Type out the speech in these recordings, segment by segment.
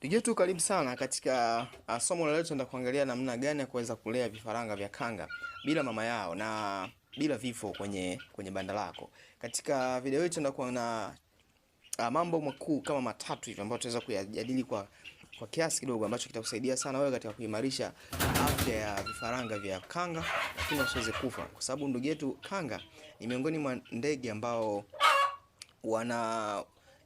Tujetu karibu sana katika uh, somo la leo tunataka kuangalia namna gani ya kuweza kulea vifaranga vya kanga bila mama yao na bila vifo kwenye kwenye banda lako. Katika video hii tunataka na uh, ah, mambo makuu kama matatu hivi ambayo tutaweza kuyajadili kwa kwa kiasi kidogo ambacho kitakusaidia sana wewe katika kuimarisha afya ya vifaranga vya kanga lakini usiweze kufa kwa sababu ndugu yetu kanga ni miongoni mwa ndege ambao wana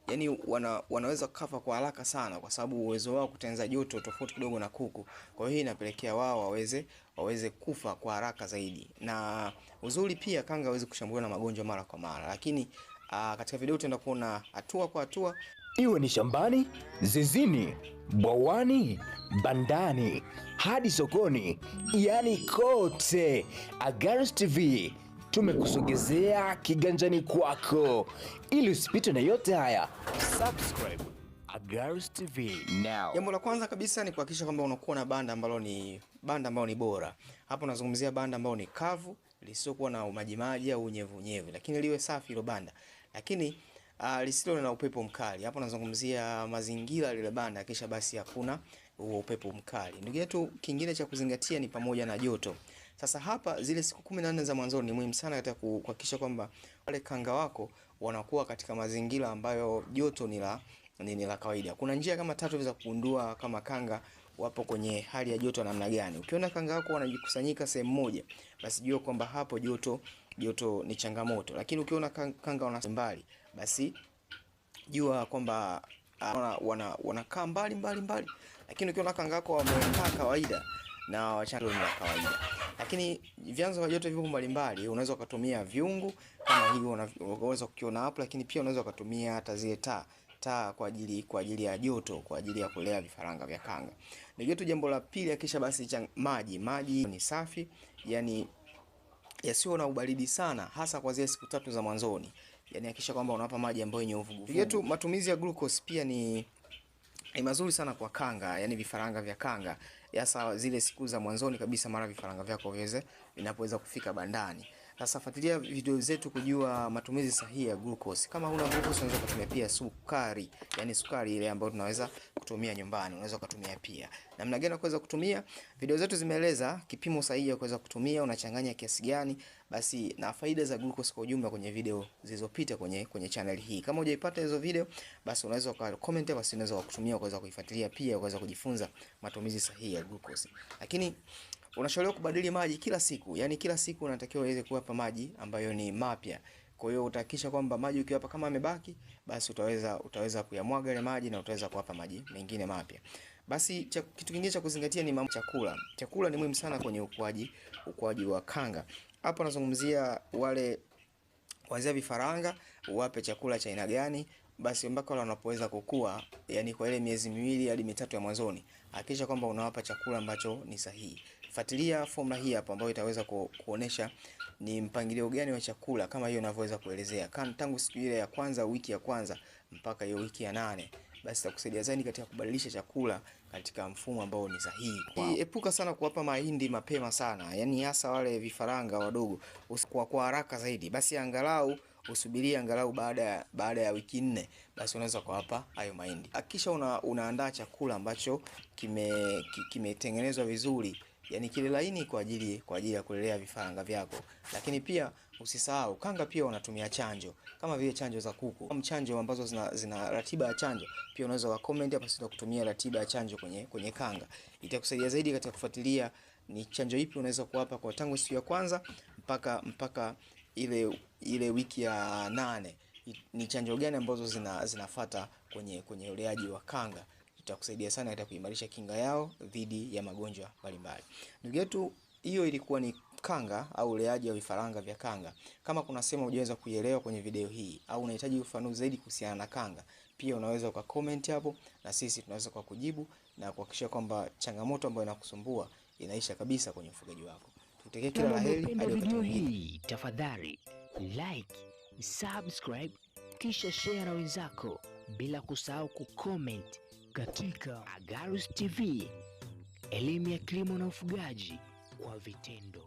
yani wana, wanaweza kukafa kwa haraka sana, kwa sababu uwezo wao kutengeneza joto tofauti kidogo na kuku. Kwa hiyo inapelekea wao waweze waweze kufa kwa haraka zaidi, na uzuri pia kanga hawezi kushambuliwa na magonjwa mara kwa mara. Lakini aa, ah, katika video tutaenda kuona hatua kwa hatua, iwe ni shambani, zizini, bwawani, bandani hadi sokoni, yani kote. Agarus TV tumekusogezea kiganjani kwako ili usipitwe na yote haya. Subscribe Agarus TV now. Jambo la kwanza kabisa ni kuhakikisha kwamba unakuwa na banda ambalo ni banda ambalo ni bora. Hapo nazungumzia banda ambalo ni kavu lisiokuwa na majimaji au unyevu unyevu, lakini liwe safi hilo banda, lakini uh, lisilo na upepo mkali. Hapo nazungumzia mazingira lile banda, kisha basi hakuna huo upepo mkali. Ndugu yetu, kingine cha kuzingatia ni pamoja na joto. Sasa hapa zile siku kumi na nne za mwanzoni ni muhimu sana katika kuhakikisha kwamba wale kanga wako wanakuwa katika mazingira ambayo joto ni la ni la kawaida. Kuna njia kama tatu za kugundua kama kanga wapo kwenye hali ya joto namna gani. Ukiona kanga wako wanajikusanyika sehemu moja, basi jua kwamba hapo joto joto ni changamoto. Lakini ukiona kanga wana mbali, basi jua kwamba wanakaa ah, wana, wana mbali mbali mbali, lakini ukiona kanga wako wamekaa kawaida na wachanga ni kawaida, lakini vyanzo vya joto vipo mbalimbali. Unaweza ukatumia viungu kama hivyo unaweza kukiona hapo, lakini pia unaweza ukatumia hata zile taa taa kwa ajili kwa ajili ya joto kwa ajili ya kulea vifaranga vya kanga ni joto. Jambo la pili, akisha basi cha maji maji ni safi, yani yasiyo na ubaridi sana, hasa kwa zile siku tatu za mwanzoni, yani hakisha kwamba unawapa maji ambayo yenye uvuguvugu. Yetu matumizi ya glucose pia ni ni mazuri sana kwa kanga, yani vifaranga vya kanga, hasa zile siku za mwanzoni kabisa, mara vifaranga vyako viweze vinapoweza kufika bandani. Sasa fuatilia video zetu kujua matumizi sahihi ya glucose. Kama huna glucose unaweza kutumia pia sukari, yani sukari ile ambayo tunaweza kutumia nyumbani, unaweza kutumia pia. Namna gani unaweza kutumia? Video zetu zimeeleza kipimo sahihi ya kuweza kutumia, unachanganya kiasi gani, basi na faida za glucose kwa ujumla kwenye video zilizopita kwenye kwenye channel hii. Kama hujaipata hizo video, basi unaweza kwa comment, basi unaweza kutumia kuweza kuifuatilia pia kuweza kujifunza matumizi sahihi ya glucose. Lakini Unashauriwa kubadili maji kila siku, yani kila siku unatakiwa uweze kuwapa maji ambayo ni mapya. Kwa hiyo utahakikisha kwamba maji ukiwapa kama amebaki, basi utaweza utaweza kuyamwaga ile maji na utaweza kuwapa maji mengine mapya. Basi cha, kitu kingine cha kuzingatia ni mambo chakula. Chakula ni muhimu sana kwenye ukuaji ukuaji wa kanga. Hapo nazungumzia wale wazia vifaranga, uwape chakula cha aina gani? Basi mpaka wale wanapoweza kukua, yani kwa ile miezi miwili hadi mitatu ya mwanzoni, hakikisha kwamba unawapa chakula ambacho ni sahihi fuatilia formula hii hapa ambayo itaweza ku, kuonesha ni mpangilio gani wa chakula kama hiyo inavyoweza kuelezea kama tangu siku ile ya kwanza wiki ya kwanza mpaka hiyo wiki ya nane basi itakusaidia zaidi katika kubadilisha chakula katika mfumo ambao ni sahihi. Wow. Epuka sana kuwapa mahindi mapema sana, yaani hasa wale vifaranga wadogo usikuwa kwa haraka zaidi, basi angalau usubirie angalau baada ya baada ya wiki nne, basi unaweza kuwapa hayo mahindi. Hakikisha una, unaandaa chakula ambacho kimetengenezwa kime vizuri yani kile laini kwa ajili kwa ajili ya kulelea vifaranga vyako. Lakini pia usisahau kanga pia wanatumia chanjo kama vile chanjo za kuku, kama chanjo ambazo zina, zina ratiba ya chanjo. Pia unaweza wa comment hapa sasa kutumia ratiba ya chanjo kwenye kwenye kanga, itakusaidia zaidi katika kufuatilia ni chanjo ipi unaweza kuwapa kwa tangu siku ya kwanza mpaka mpaka ile ile wiki ya nane ni chanjo gani ambazo zina, zinafata kwenye kwenye uleaji wa kanga itakusaidia sana hata kuimarisha kinga yao dhidi ya magonjwa mbalimbali. Ndugu yetu, hiyo ilikuwa ni kanga au uleaji wa vifaranga vya kanga. Kama kuna sehemu hujaweza kuielewa kwenye video hii au unahitaji ufanuzi zaidi kuhusiana na kanga, pia unaweza uka comment hapo na sisi tunaweza kwa kujibu na kuhakikisha kwamba changamoto ambayo inakusumbua inaisha kabisa kwenye ufugaji wako. Tutekee kila la heri hadi wakati mwingine. Tafadhali like, subscribe kisha share na wenzako bila kusahau kucomment katika Agarus TV, elimu ya kilimo na ufugaji kwa vitendo.